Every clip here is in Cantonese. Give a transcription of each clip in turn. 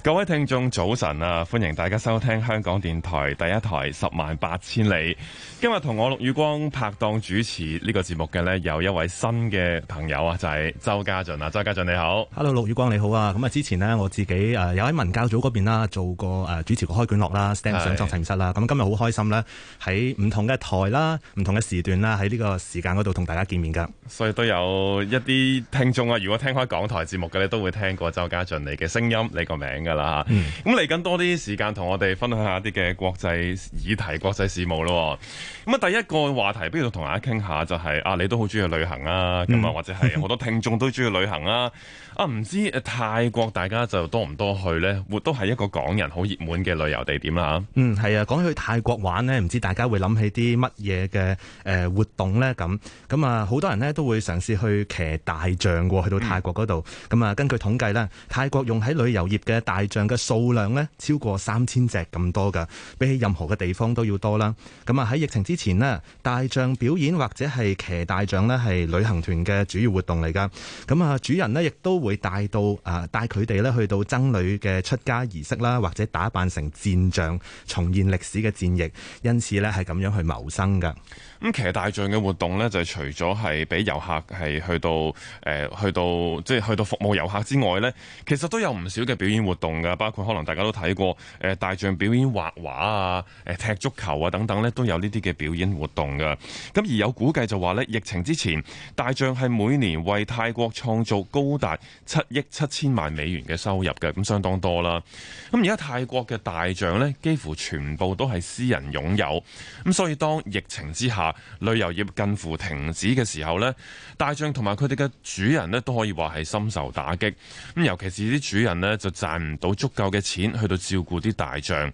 各位聽眾早晨啊，歡迎大家收聽香港電台第一台十萬八千里。今日同我陸宇光拍檔主持呢個節目嘅呢，有一位新嘅朋友啊，就係、是、周家俊啊，周家俊你好。Hello，陸宇光你好啊。咁啊，之前呢，我自己誒、呃、有喺文教組嗰邊啦，做過誒主持個開卷樂啦 STEM 上作程式室啦。咁是今日好開心啦，喺唔同嘅台啦，唔同嘅時段啦，喺呢個時間嗰度同大家見面噶。所以都有一啲聽眾啊，如果聽開港台節目嘅咧，你都會聽過周家俊你嘅聲音，你個名字。啦，咁嚟緊多啲時間同我哋分享下啲嘅國際議題、國際事務咯。咁啊，第一個話題，不如同大家傾下，就係、是、啊，你都好中意去旅行啊，咁啊、嗯，或者係好多聽眾都中意旅行啊。啊，唔知泰國大家就多唔多去咧？都係一個港人好熱門嘅旅遊地點啦。嗯，係啊，講起去泰國玩呢，唔知大家會諗起啲乜嘢嘅活動呢？咁咁啊，好多人呢都會嘗試去騎大象喎，去到泰國嗰度。咁啊，根據統計呢，泰國用喺旅遊業嘅大大象嘅數量呢，超過三千隻咁多噶，比起任何嘅地方都要多啦。咁啊，喺疫情之前呢，大象表演或者係騎大象呢，係旅行團嘅主要活動嚟噶。咁啊主人呢，亦都會帶到啊，帶佢哋呢去到僧侶嘅出家儀式啦，或者打扮成戰象重現歷史嘅戰役，因此呢，係咁樣去謀生噶。咁騎大象嘅活動呢，就除咗係俾遊客係去到誒、呃、去到即係去到服務遊客之外呢，其實都有唔少嘅表演活動。嘅，包括可能大家都睇過，誒大象表演畫畫啊，誒踢足球啊等等咧，都有呢啲嘅表演活動噶。咁而有估計就話咧，疫情之前，大象係每年為泰國創造高達七億七千萬美元嘅收入嘅，咁相當多啦。咁而家泰國嘅大象咧，幾乎全部都係私人擁有，咁所以當疫情之下，旅遊業近乎停止嘅時候咧，大象同埋佢哋嘅主人咧，都可以話係深受打擊。咁尤其是啲主人咧，就賺唔。到足夠嘅錢去到照顧啲大象，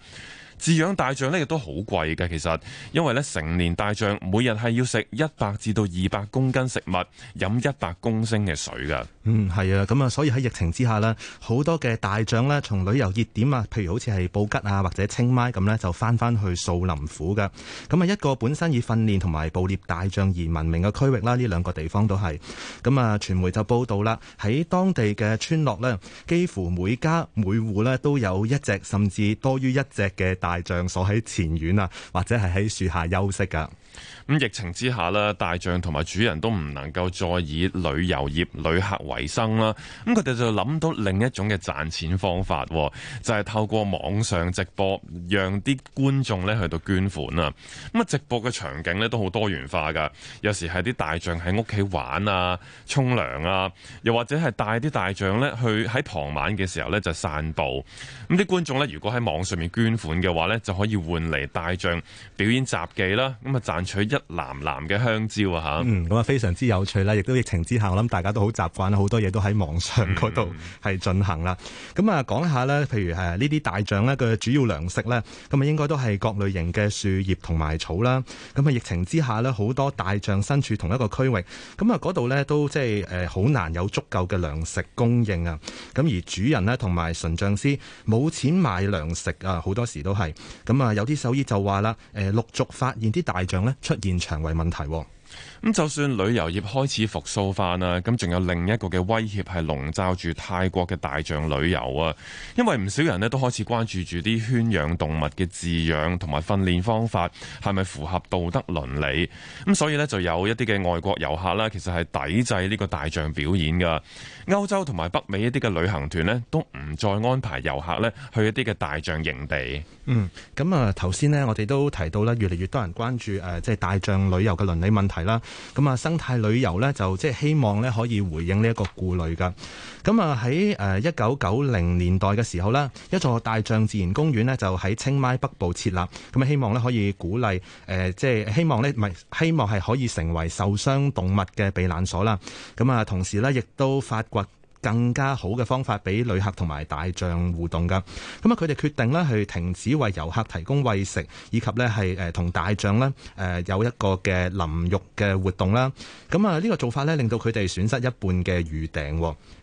飼養大象呢，亦都好貴嘅。其實，因為咧成年大象每日係要食一百至到二百公斤食物，飲一百公升嘅水㗎。嗯，係啊，咁啊，所以喺疫情之下呢，好多嘅大象呢從旅遊熱點啊，譬如好似係布吉啊或者清邁咁呢就翻翻去素林府㗎。咁啊，一個本身以訓練同埋捕獵大象而聞名嘅區域啦，呢兩個地方都係。咁啊，傳媒就報道啦，喺當地嘅村落呢，幾乎每家每戶呢，都有一隻甚至多於一隻嘅大象，鎖喺前院啊，或者係喺樹下休息噶。咁疫情之下咧，大象同埋主人都唔能夠再以旅遊業旅客為生啦。咁佢哋就諗到另一種嘅賺錢方法，就係透過網上直播，讓啲觀眾咧去到捐款啊。咁啊，直播嘅場景咧都好多元化噶。有時係啲大象喺屋企玩啊、沖涼啊，又或者係帶啲大象咧去喺傍晚嘅時候咧就散步。咁啲觀眾咧如果喺網上面捐款嘅話咧，就可以換嚟大象表演雜技啦。咁啊賺。取一籃籃嘅香蕉啊！吓，嗯，咁啊，非常之有趣啦，亦都疫情之下，我諗大家都好習慣啦，好多嘢都喺網上嗰度係進行啦。咁啊、嗯，講下呢，譬如誒呢啲大象呢，嘅主要糧食呢，咁啊應該都係各類型嘅樹葉同埋草啦。咁啊，疫情之下呢，好多大象身處同一個區域，咁啊嗰度呢，都即係誒好難有足夠嘅糧食供應啊。咁而主人呢，同埋馴象師冇錢買糧食啊，好多時都係。咁啊，有啲獸醫就話啦，誒陸續發現啲大象呢。出現腸胃問題。咁就算旅遊業開始復甦翻啦，咁仲有另一個嘅威脅係籠罩住泰國嘅大象旅遊啊！因為唔少人呢都開始關注住啲圈養動物嘅飼養同埋訓練方法係咪符合道德倫理，咁所以呢，就有一啲嘅外國遊客咧，其實係抵制呢個大象表演噶。歐洲同埋北美一啲嘅旅行團呢，都唔再安排遊客呢去一啲嘅大象營地。嗯，咁啊，頭先呢，我哋都提到啦，越嚟越多人關注誒，即係大象旅遊嘅倫理問題。啦，咁啊，生態旅遊咧就即係希望咧可以回應呢一個顧慮㗎。咁啊喺誒一九九零年代嘅時候咧，一座大象自然公園咧就喺清邁北部設立，咁啊希望咧可以鼓勵誒，即係希望咧唔係希望係可以成為受傷動物嘅避難所啦。咁啊，同時咧亦都發掘更加好嘅方法俾旅客同埋大象互動噶，咁啊佢哋決定呢去停止為遊客提供餵食，以及呢係同大象呢有一個嘅淋浴嘅活動啦。咁啊呢個做法呢令到佢哋損失一半嘅預訂。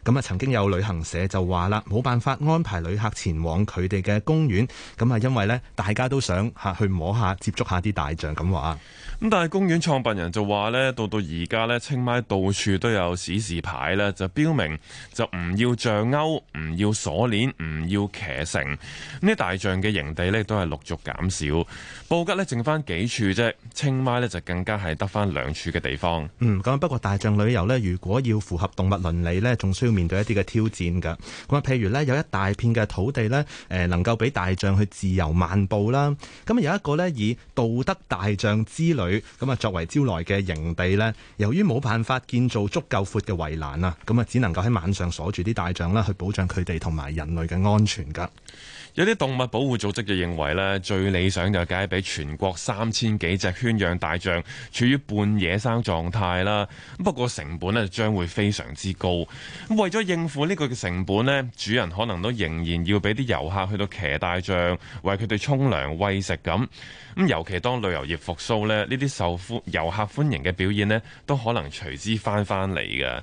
咁啊曾經有旅行社就話啦，冇辦法安排旅客前往佢哋嘅公園，咁啊因為呢大家都想吓去摸下、接觸下啲大象咁話。咁但係公園創辦人就話呢，到到而家呢，清邁到處都有指示牌咧，就標明。就唔要象鈎，唔要鎖鏈，唔要騎乘。呢啲大象嘅營地咧，都係陸續減少。布吉咧，剩翻幾處啫。清邁咧，就更加係得翻兩處嘅地方。嗯，咁不過大象旅遊咧，如果要符合動物倫理咧，仲需要面對一啲嘅挑戰噶。咁啊，譬如咧，有一大片嘅土地咧，誒能夠俾大象去自由漫步啦。咁啊，有一個咧以道德大象之旅咁啊作為招來嘅營地咧，由於冇辦法建造足夠闊嘅圍欄啊，咁啊只能夠喺晚上。上鎖住啲大象啦，去保障佢哋同埋人類嘅安全噶。有啲動物保護組織就認為呢，最理想就係解俾全國三千幾隻圈養大象處於半野生狀態啦。不過成本咧，將會非常之高。咁為咗應付呢個嘅成本呢，主人可能都仍然要俾啲遊客去到騎大象、為佢哋沖涼、餵食咁。咁尤其當旅遊業復甦咧，呢啲受歡遊客歡迎嘅表演呢，都可能隨之翻翻嚟嘅。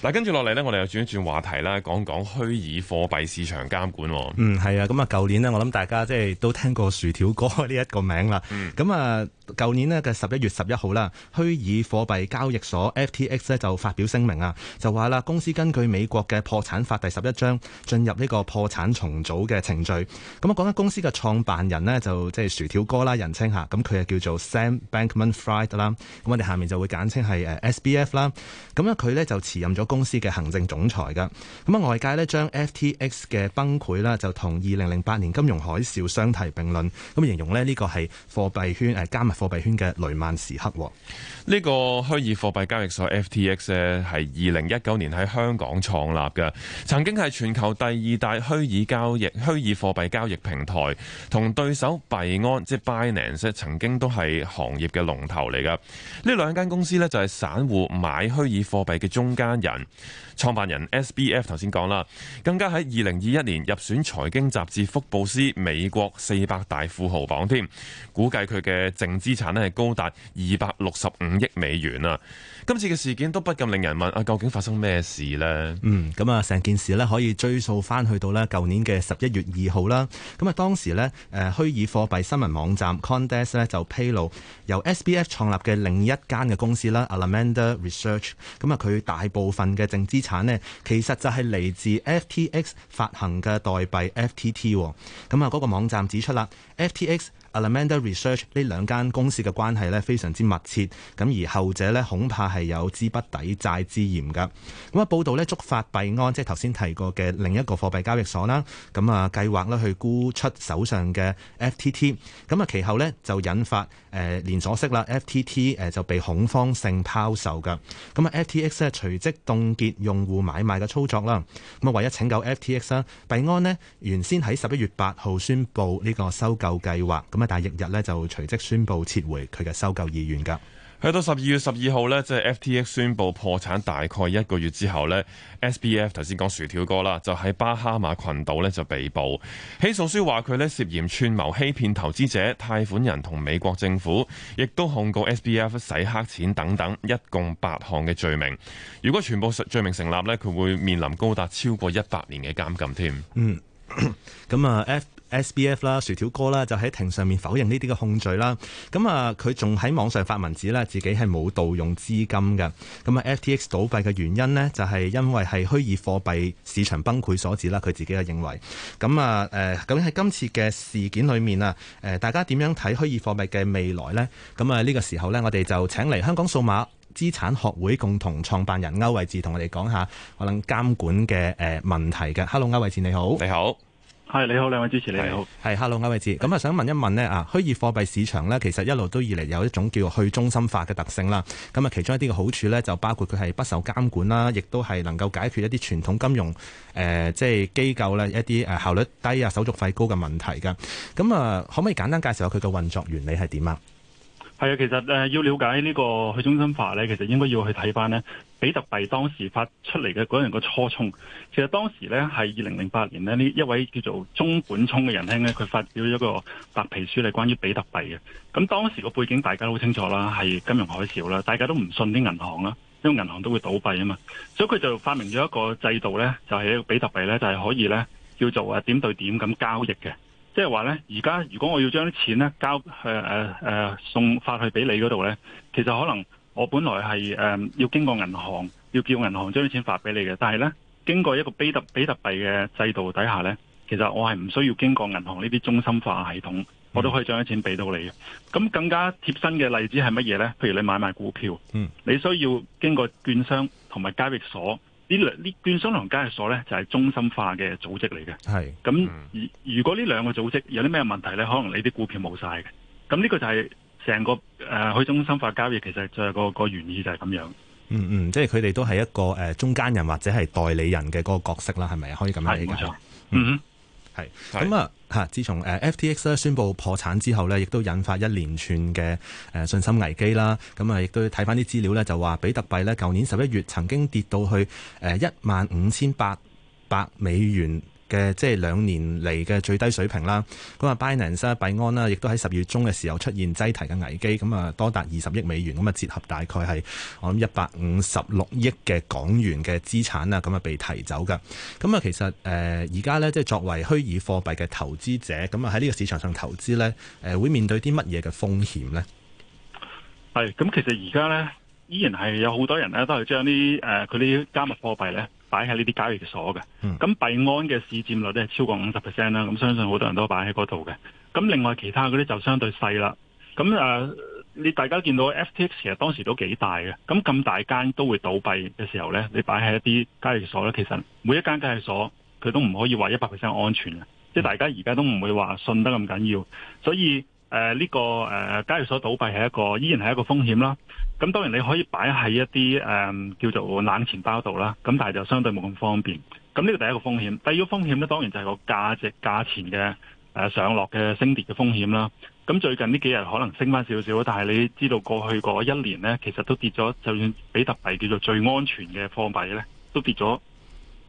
嗱，跟住落嚟呢，我哋又轉一轉話題啦，講講虛擬貨幣市場監管。嗯，係啊，咁啊，舊年呢，我諗大家即係都聽過薯條哥呢一個名啦。咁啊、嗯，舊年呢，嘅十一月十一號啦，虛擬貨幣交易所 FTX 咧就發表聲明啊，就話啦，公司根據美國嘅破產法第十一章，進入呢個破產重組嘅程序。咁啊，講緊公司嘅創辦人呢，就即係薯條哥啦，人稱下。咁佢叫做 Sam Bankman-Fried 啦。咁我哋下面就會簡稱係 SBF 啦。咁咧，佢呢就辭任咗。公司嘅行政總裁噶，咁啊外界咧將 FTX 嘅崩潰啦，就同二零零八年金融海嘯相提並論，咁形容咧呢個係貨幣圈誒加密貨幣圈嘅雷曼時刻。呢個虛擬貨幣交易所 FTX 咧係二零一九年喺香港創立嘅，曾經係全球第二大虛擬交易虛擬貨幣交易平台，同對手幣安即係 Binance 曾經都係行業嘅龍頭嚟噶。呢兩間公司咧就係散戶買虛擬貨幣嘅中間人。創辦人 S.B.F 頭先講啦，更加喺二零二一年入選財經雜誌福布斯美國四百大富豪榜添，估計佢嘅淨資產呢係高達二百六十五億美元啦。今次嘅事件都不禁令人問啊，究竟發生咩事呢？嗯，咁啊，成件事呢可以追溯翻去到呢舊年嘅十一月二號啦。咁啊，當時呢誒，虛擬貨幣新聞網站 CoinDesk 呢就披露，由 S.B.F 創立嘅另一間嘅公司啦，Alameda Research，咁啊，佢大部分。嘅淨資產呢，其實就係嚟自 FTX 發行嘅代幣 FTT，咁啊嗰個網站指出啦，FTX。Alameda Research 呢兩間公司嘅關係呢，非常之密切，咁而後者呢恐怕係有資不抵債之嫌噶。咁啊，報道呢觸發幣安，即係頭先提過嘅另一個貨幣交易所啦。咁啊，計劃呢去沽出手上嘅 FTT。咁啊，其後呢就引發誒連鎖式啦，FTT 誒就被恐慌性拋售噶。咁啊，FTX 咧隨即凍結用戶買賣嘅操作啦。咁啊，為咗拯救 FTX 咧，幣安呢原先喺十一月八號宣布呢個收購計劃。咁啊！但翌日咧就隨即宣布撤回佢嘅收購意願噶。去到十二月十二號呢，即係 FTX 宣布破產大概一個月之後呢，SBF 頭先講薯條哥啦，就喺巴哈馬群島呢就被捕。起訴書話佢呢涉嫌串謀欺騙投資者、貸款人同美國政府，亦都控告 SBF 洗黑錢等等，一共八項嘅罪名。如果全部罪名成立呢，佢會面臨高達超過一百年嘅監禁添。嗯，咁啊，F。 S.B.F 啦、SB F，薯條哥啦，就喺庭上面否認呢啲嘅控罪啦。咁啊，佢仲喺網上發文指啦，自己係冇盜用資金嘅。咁啊，F.T.X 倒閉嘅原因呢，就係因為係虛擬貨幣市場崩潰所致啦。佢自己嘅認為。咁啊，究竟喺今次嘅事件裏面啊，大家點樣睇虛擬貨幣嘅未來呢？咁啊，呢個時候呢，我哋就請嚟香港數碼資產學會共同創辦人區偉志同我哋講下可能監管嘅誒問題嘅。Hello，區偉志，你好。你好。係，你好，兩位主持，你好。係，Hello，阿偉志。咁啊，想問一問咧啊，虛擬貨幣市場咧，其實一路都以嚟有一種叫去中心化嘅特性啦。咁啊，其中一啲嘅好處咧，就包括佢係不受監管啦，亦都係能夠解決一啲傳統金融誒、呃，即係機構咧一啲誒效率低啊、手續費高嘅問題噶。咁啊，可唔可以簡單介紹下佢嘅運作原理係點啊？係啊，其實誒要了解呢個去中心化咧，其實應該要去睇翻咧比特幣當時發出嚟嘅嗰樣個初衷。其實當時咧係二零零八年呢，呢一位叫做中本聰嘅人兄咧，佢發表咗一個白皮書嚟關於比特幣嘅。咁當時個背景大家都好清楚啦，係金融海嘯啦，大家都唔信啲銀行啦，因為銀行都會倒閉啊嘛。所以佢就發明咗一個制度咧，就係呢個比特幣咧，就係可以咧叫做啊點對點咁交易嘅。即係話呢，而家如果我要將啲錢交去、呃呃、送發去俾你嗰度呢，其實可能我本來係誒、呃、要經過銀行，要叫銀行將啲錢發俾你嘅，但係呢，經過一個比特比特幣嘅制度底下呢，其實我係唔需要經過銀行呢啲中心化系統，我都可以將啲錢俾到你嘅。咁更加貼身嘅例子係乜嘢呢？譬如你買賣股票，你需要經過券商同埋交易所。兩段呢兩呢券商同交易所咧就係、是、中心化嘅組織嚟嘅，係咁是。如果呢兩個組織有啲咩問題咧，可能你啲股票冇晒嘅。咁呢個就係成個誒、呃、去中心化交易，其實就係個個原意就係咁樣。嗯嗯，即係佢哋都係一個誒、呃、中間人或者係代理人嘅嗰個角色啦，係咪可以咁理解？是是啊、嗯。嗯係，咁啊吓！自從誒 FTX 咧宣布破產之後咧，亦都引發一連串嘅誒信心危機啦。咁啊，亦都睇返啲資料咧，就話比特幣咧，舊年十一月曾經跌到去誒一萬五千八百美元。嘅即係兩年嚟嘅最低水平啦。咁啊，Binance 幣安啦，亦都喺十月中嘅時候出現擠提嘅危機，咁啊多達二十億美元，咁啊折合大概係我諗一百五十六億嘅港元嘅資產啊，咁啊被提走噶。咁啊，其實誒而家咧，即係作為虛擬貨幣嘅投資者，咁啊喺呢個市場上投資咧，誒會面對啲乜嘢嘅風險呢？係咁，其實而家咧依然係有好多人咧都係將啲誒佢啲加密貨幣咧。擺喺呢啲交易所嘅，咁幣安嘅市佔率咧係超過五十 percent 啦，咁、啊、相信好多人都擺喺嗰度嘅。咁另外其他嗰啲就相對細啦。咁啊、呃，你大家見到 FTX 其實當時都幾大嘅，咁咁大間都會倒閉嘅時候咧，你擺喺一啲交易所咧，其實每一間交易所佢都唔可以話一百 percent 安全嘅，即、就、係、是、大家而家都唔會話信得咁緊要，所以。誒，呢、呃這個誒交易所，倒閉係一個依然係一個風險啦。咁當然你可以擺喺一啲誒、呃、叫做冷錢包度啦。咁但係就相對冇咁方便。咁呢個第一個風險，第二個風險咧，當然就係個價值價錢嘅誒、呃、上落嘅升跌嘅風險啦。咁最近呢幾日可能升翻少少，但係你知道過去嗰一年咧，其實都跌咗。就算比特幣叫做最安全嘅貨幣咧，都跌咗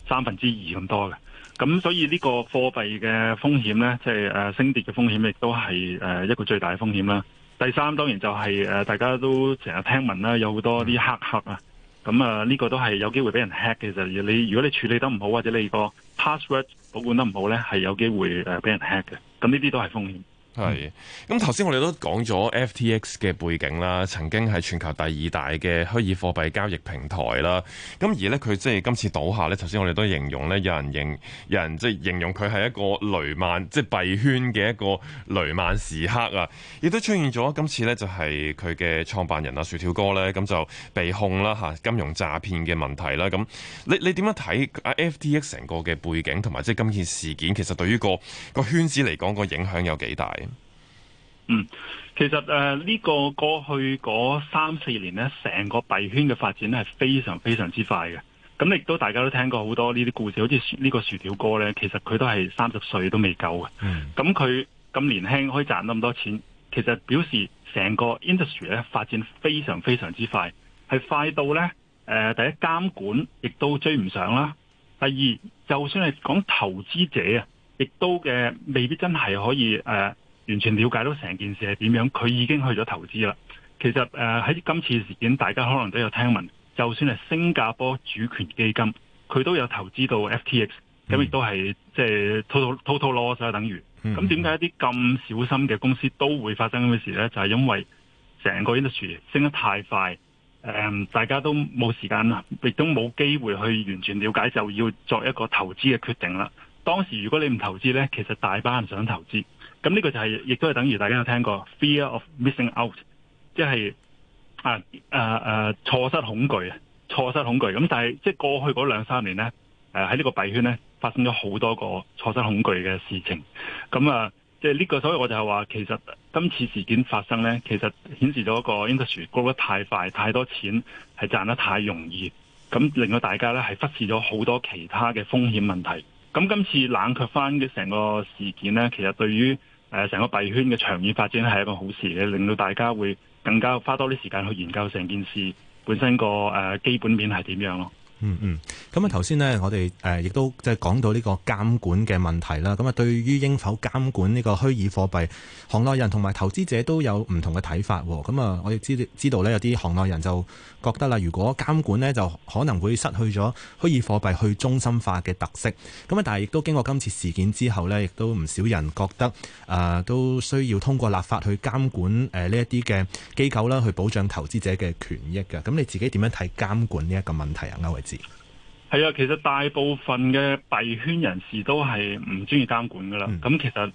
三分之二咁多嘅。咁所以呢個貨幣嘅風險呢，即係誒升跌嘅風險，亦都係誒一個最大嘅風險啦。第三當然就係誒大家都成日聽聞啦，有好多啲黑客啊，咁啊呢個都係有機會俾人 hack 嘅。就你如果你處理得唔好，或者你個 password 保管得唔好呢，係有機會誒俾人 hack 嘅。咁呢啲都係風險。係，咁頭先我哋都講咗 FTX 嘅背景啦，曾經係全球第二大嘅虛擬貨幣交易平台啦。咁而呢，佢即係今次倒下呢。頭先我哋都形容呢，有人認，有人即係形容佢係一個雷曼，即係幣圈嘅一個雷曼時刻啊。亦都出現咗今次呢，就係佢嘅創辦人啊，薯條哥呢。咁就被控啦吓金融詐騙嘅問題啦。咁你你點樣睇啊 FTX 成個嘅背景同埋即係今次事件，其實對於個個圈子嚟講個影響有幾大？嗯，其實誒，呢、呃這個過去嗰三四年呢，成個幣圈嘅發展咧係非常非常之快嘅。咁亦都大家都聽過好多呢啲故事，好似呢個薯條哥呢，其實佢都係三十歲都未夠嘅。咁佢咁年輕可以賺到咁多錢，其實表示成個 industry 咧發展非常非常之快，係快到呢誒、呃，第一監管亦都追唔上啦。第二，就算係講投資者啊，亦都嘅、呃、未必真係可以誒。呃完全了解到成件事係點樣，佢已經去咗投資啦。其實誒喺、呃、今次事件，大家可能都有聽聞，就算係新加坡主權基金，佢都有投資到 FTX，咁亦都係即、就是、total loss 啊、嗯。等於咁點解一啲咁小心嘅公司都會發生咁嘅事呢？就係、是、因為成個 industry 升得太快，呃、大家都冇時間，亦都冇機會去完全了解，就要作一個投資嘅決定啦。當時如果你唔投資呢，其實大把人想投資。咁呢個就係、是，亦都係等於大家有聽過 fear of missing out，即係啊啊啊錯失恐懼啊，錯失恐懼。咁但係即係過去嗰兩三年呢，誒喺呢個幣圈呢，發生咗好多個錯失恐懼嘅事情。咁、嗯、啊，即係呢個，所以我就係話，其實今次事件發生呢，其實顯示咗一個 industry grow 得太快，太多錢係賺得太容易，咁、嗯、令到大家呢，係忽視咗好多其他嘅風險問題。咁、嗯、今次冷卻翻嘅成個事件呢，其實對於誒，成個幣圈嘅長遠發展係一個好事嘅，令到大家會更加花多啲時間去研究成件事本身個誒基本面係點樣咯。嗯嗯，咁、嗯、啊，頭先呢，我哋誒亦都即係講到呢個監管嘅問題啦。咁啊，對於應否監管呢個虛擬貨幣，行內人同埋投資者都有唔同嘅睇法。咁啊，我亦知知道呢，有啲行內人就覺得啦，如果監管呢，就可能會失去咗虛擬貨幣去中心化嘅特色。咁啊，但係亦都經過今次事件之後呢，亦都唔少人覺得啊，都需要通過立法去監管呢一啲嘅機構啦，去保障投資者嘅權益嘅。咁你自己點樣睇監管呢一個問題啊？偉志。係啊，其實大部分嘅幣圈人士都係唔中意監管噶啦。咁、嗯、其實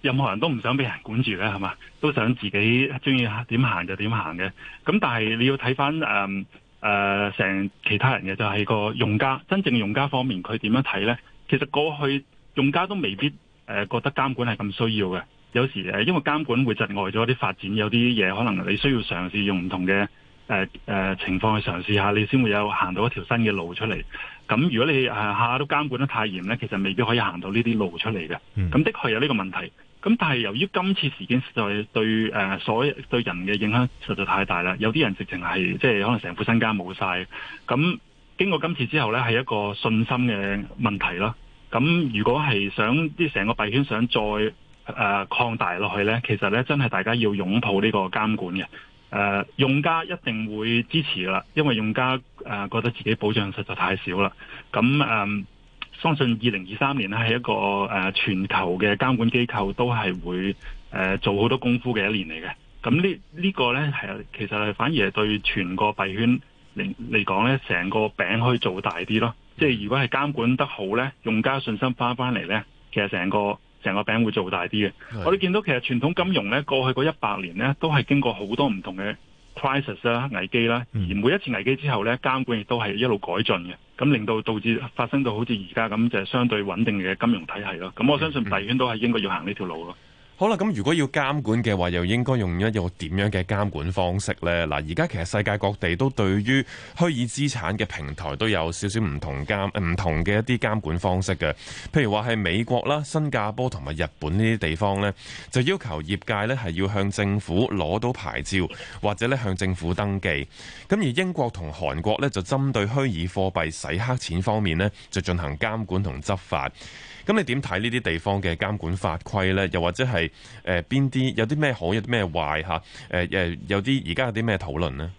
任何人都唔想俾人管住咧，係嘛，都想自己中意點行就點行嘅。咁但係你要睇翻誒誒成其他人嘅就係、是、個用家，真正的用家方面佢點樣睇呢？其實過去用家都未必誒、呃、覺得監管係咁需要嘅。有時誒、呃、因為監管會窒礙咗啲發展，有啲嘢可能你需要嘗試用唔同嘅。誒、呃呃、情況去嘗試一下，你先會有行到一條新嘅路出嚟。咁如果你誒下下都監管得太嚴呢，其實未必可以行到呢啲路出嚟嘅。咁、嗯、的確係有呢個問題。咁但係由於今次事件在對誒、呃、所對人嘅影響實在太大啦，有啲人直情係即係可能成副身家冇晒。咁經過今次之後呢，係一個信心嘅問題咯。咁如果係想啲成個幣圈想再誒、呃、擴大落去呢，其實呢，真係大家要擁抱呢個監管嘅。誒、呃，用家一定會支持噶啦，因為用家誒、呃、覺得自己保障實在太少啦。咁誒、呃，相信二零二三年咧係一個誒、呃、全球嘅監管機構都係會誒、呃、做好多功夫嘅一年嚟嘅。咁、這個、呢呢個咧係其實係反而係對全個幣圈嚟嚟講咧，成個餅可以做大啲咯。即係如果係監管得好咧，用家信心翻翻嚟咧，其實成個。成個餅會做大啲嘅，是我哋見到其實傳統金融呢，過去嗰一百年呢都係經過好多唔同嘅 crisis 啦、啊、危機啦、啊，嗯、而每一次危機之後呢監管亦都係一路改進嘅，咁令到導致發生到好似而家咁就係、是、相對穩定嘅金融體系咯。咁我相信大圈都係應該要行呢條路咯。嗯好啦，咁如果要監管嘅話，又應該用一個點樣嘅監管方式呢？嗱，而家其實世界各地都對於虛擬資產嘅平台都有少少唔同監唔同嘅一啲監管方式嘅，譬如話係美國啦、新加坡同埋日本呢啲地方呢，就要求業界呢係要向政府攞到牌照，或者咧向政府登記。咁而英國同韓國呢，就針對虛擬貨幣洗黑錢方面呢，就進行監管同執法。咁你點睇呢啲地方嘅監管法規呢？又或者係誒邊啲有啲咩好，有啲咩壞嚇？誒、呃、誒，有啲而家有啲咩討論呢？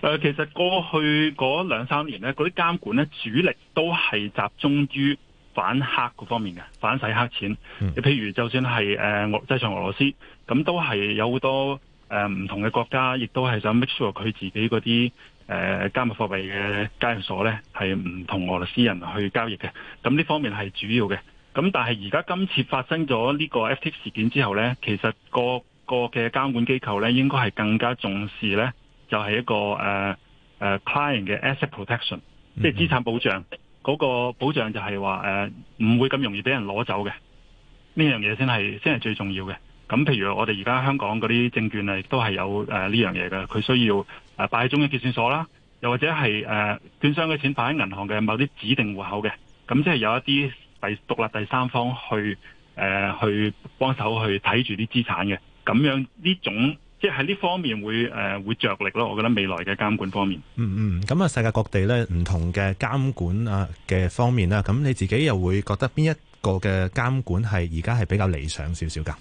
誒、呃，其實過去嗰兩三年呢，嗰啲監管呢主力都係集中於反黑嗰方面嘅，反洗黑錢。你譬、嗯、如就算係誒俄，即係制裁俄羅斯，咁都係有好多誒唔、呃、同嘅國家，亦都係想 make sure 佢自己嗰啲。誒加密貨幣嘅交易所咧，係唔同俄羅斯人去交易嘅。咁呢方面係主要嘅。咁但係而家今次發生咗呢個 FTX 事件之後咧，其實個個嘅監管機構咧，應該係更加重視咧，就係一個誒誒、uh, client 嘅 asset protection，mm hmm. 即係資產保障嗰、嗰個、保障就，就係話誒唔會咁容易俾人攞走嘅呢樣嘢先係先係最重要嘅。咁譬如我哋而家香港嗰啲證券啊，亦都係有誒呢樣嘢嘅。佢需要誒擺喺中央結算所啦，又或者係誒券商嘅錢擺喺銀行嘅某啲指定戶口嘅。咁即係有一啲第獨立第三方去誒、呃、去幫手去睇住啲資產嘅。咁樣呢種即係喺呢方面會誒、呃、會着力咯。我覺得未來嘅監管方面，嗯嗯，咁、嗯、啊世界各地咧唔同嘅監管啊嘅方面啦。咁你自己又會覺得邊一個嘅監管係而家係比較理想少少㗎？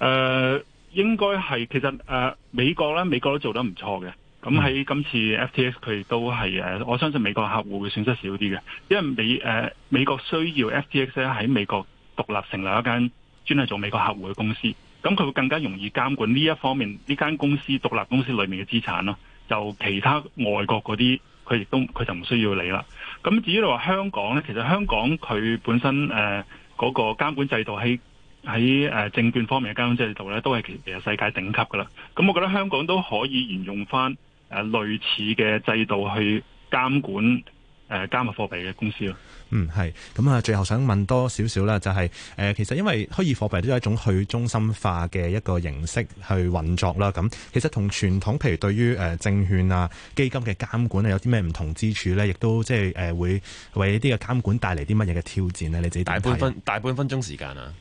誒、呃，應該係其實誒、呃，美國咧，美國都做得唔錯嘅。咁喺今次 FTX 佢亦都係誒，我相信美國客戶會損失少啲嘅，因為美誒、呃、美國需要 FTX 咧喺美國獨立成立一間專係做美國客戶嘅公司，咁佢會更加容易監管呢一方面呢間公司獨立公司裏面嘅資產咯。就其他外國嗰啲，佢亦都佢就唔需要你啦。咁至於你話香港咧，其實香港佢本身誒嗰、呃那個監管制度係喺誒證券方面嘅監管制度咧，都係其實世界頂級㗎喇。咁我覺得香港都可以沿用返誒類似嘅制度去監管誒加密貨幣嘅公司咯。嗯，係。咁啊，最後想問多少少啦，就係、是、誒、呃、其實因為虛擬貨幣都係一種去中心化嘅一個形式去運作啦。咁其實同傳統譬如對於誒證券啊基金嘅監管有啲咩唔同之處咧，亦都即係誒會為呢啲嘅監管帶嚟啲乜嘢嘅挑戰呢？你自己大半分大半分鐘時間啊。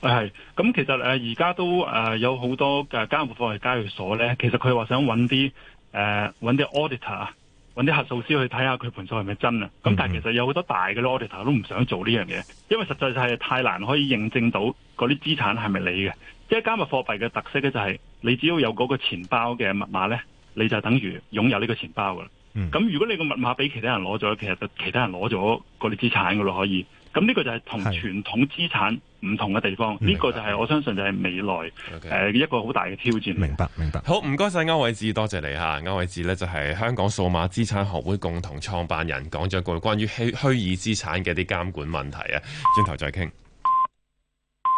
係，咁其實誒而家都誒有好多誒加密貨幣交易所咧，其實佢話、呃、想搵啲誒搵、呃、啲 auditor，搵啲核數師去睇下佢盤數係咪真啊？咁、嗯嗯、但係其實有好多大嘅 auditor 都唔想做呢樣嘢，因為實在係太難可以認證到嗰啲資產係咪你嘅。即係加密貨幣嘅特色咧、就是，就係你只要有嗰個錢包嘅密碼咧，你就等於擁有呢個錢包噶啦。咁、嗯、如果你個密碼俾其他人攞咗，其實就其他人攞咗嗰啲資產噶咯可以。咁呢個就係同傳統資產唔同嘅地方，呢是個就係、是、白我相信就係未來 Okay.、呃、一個好大嘅挑戰。明白，明白。好，唔該晒。區偉志，多謝你嚇。區偉志呢，就係香港數碼資產學會共同創辦人，講咗個關於虛虛擬資產嘅啲監管問題啊，轉頭再傾。